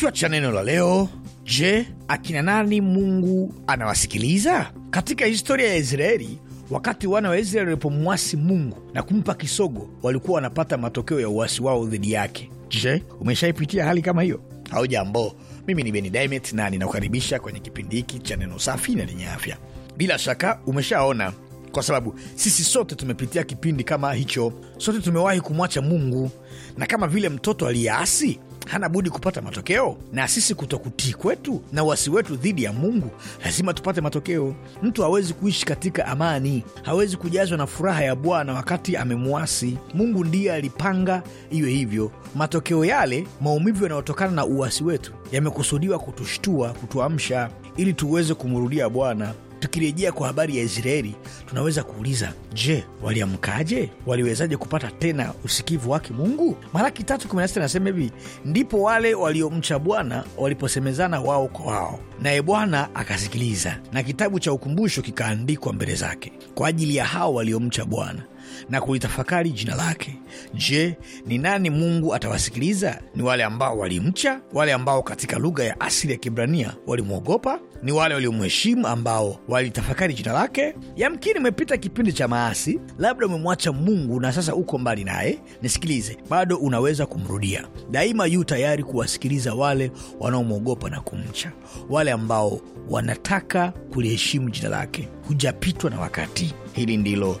Kichwa cha neno la leo: Je, akina nani Mungu anawasikiliza? Katika historia ya Israeli, wakati wana wa Israeli walipomwasi Mungu na kumpa kisogo, walikuwa wanapata matokeo ya uasi wao dhidi yake. Je, umeshaipitia hali kama hiyo au jambo? Mimi ni Beni Dimet na ninakukaribisha kwenye kipindi hiki cha neno safi na lenye afya. Bila shaka umeshaona kwa sababu sisi sote tumepitia kipindi kama hicho, sote tumewahi kumwacha Mungu, na kama vile mtoto aliyeasi hana budi kupata matokeo, na sisi kutokutii kwetu na uasi wetu dhidi ya Mungu lazima tupate matokeo. Mtu hawezi kuishi katika amani, hawezi kujazwa na furaha ya Bwana wakati amemwasi Mungu. Ndiye alipanga iwe hivyo. Matokeo yale, maumivu yanayotokana na uasi wetu, yamekusudiwa kutushtua, kutuamsha, ili tuweze kumrudia Bwana. Tukirejea kwa habari ya Israeli, tunaweza kuuliza, je, waliamkaje? Waliwezaje kupata tena usikivu wake Mungu? maraki tatu kumi anasema hivi, ndipo wale waliomcha Bwana waliposemezana wao kwa wao, naye Bwana akasikiliza, na kitabu cha ukumbusho kikaandikwa mbele zake kwa ajili ya hao waliomcha Bwana na kulitafakari jina lake. Je, ni nani Mungu atawasikiliza? Ni wale ambao walimcha, wale ambao katika lugha ya asili ya Kibrania walimwogopa, ni wale waliomheshimu, ambao walitafakari jina lake. Yamkini umepita kipindi cha maasi, labda umemwacha Mungu na sasa uko mbali naye. Nisikilize, bado unaweza kumrudia. Daima yu tayari kuwasikiliza wale wanaomwogopa na kumcha, wale ambao wanataka kuliheshimu jina lake. Hujapitwa na wakati. Hili ndilo